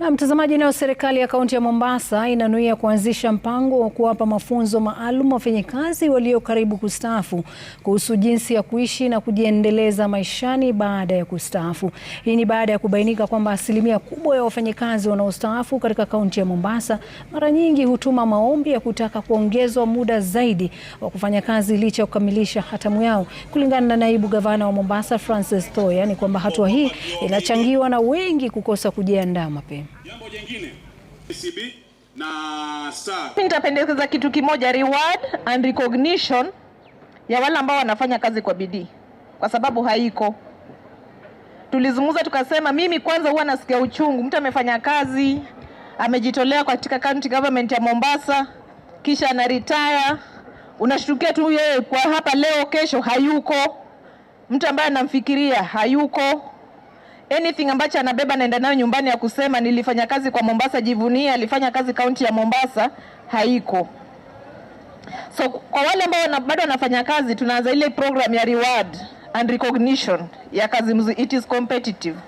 Na mtazamaji, nayo serikali ya kaunti ya Mombasa inanuia kuanzisha mpango wa kuwapa mafunzo maalum wafanyikazi walio karibu kustaafu kuhusu jinsi ya kuishi na kujiendeleza maishani baada ya kustaafu. Hii ni baada ya kubainika kwamba asilimia kubwa ya wafanyakazi wanaostaafu katika kaunti ya Mombasa mara nyingi hutuma maombi ya kutaka kuongezwa muda zaidi wa kufanya kazi licha ya kukamilisha hatamu yao. Kulingana na naibu gavana wa Mombasa Francis Thoya, ni kwamba hatua hii inachangiwa na wengi kukosa kujiandaa mapema. Jambo jingine CB na star. Nitapendekeza kitu kimoja, reward and recognition ya wale ambao wanafanya kazi kwa bidii, kwa sababu haiko. Tulizungumza tukasema, mimi kwanza huwa nasikia uchungu, mtu amefanya kazi, amejitolea katika county government ya Mombasa, kisha ana retire, unashtukia tu yeye kwa hapa leo, kesho hayuko, mtu ambaye anamfikiria hayuko anything ambacho anabeba naenda nayo nyumbani ya kusema nilifanya kazi kwa Mombasa, jivunia alifanya kazi kaunti ya Mombasa, haiko. So kwa wale ambao bado wanafanya kazi, tunaanza ile program ya reward and recognition ya kazi mzuri, it is competitive,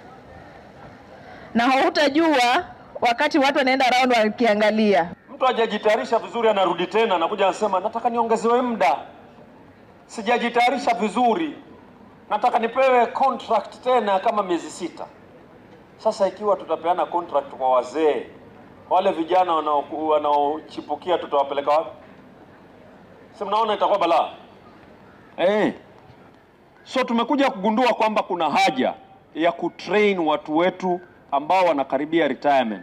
na hautajua wakati watu wanaenda round wakiangalia mtu hajajitayarisha vizuri, anarudi tena anakuja anasema nataka niongezewe muda, sijajitayarisha vizuri nataka nipewe contract tena kama miezi sita. Sasa ikiwa tutapeana contract kwa wazee, wale vijana wanaochipukia tutawapeleka wapi? Si mnaona itakuwa balaa hey. Eh. So tumekuja kugundua kwamba kuna haja ya kutrain watu wetu ambao wanakaribia retirement.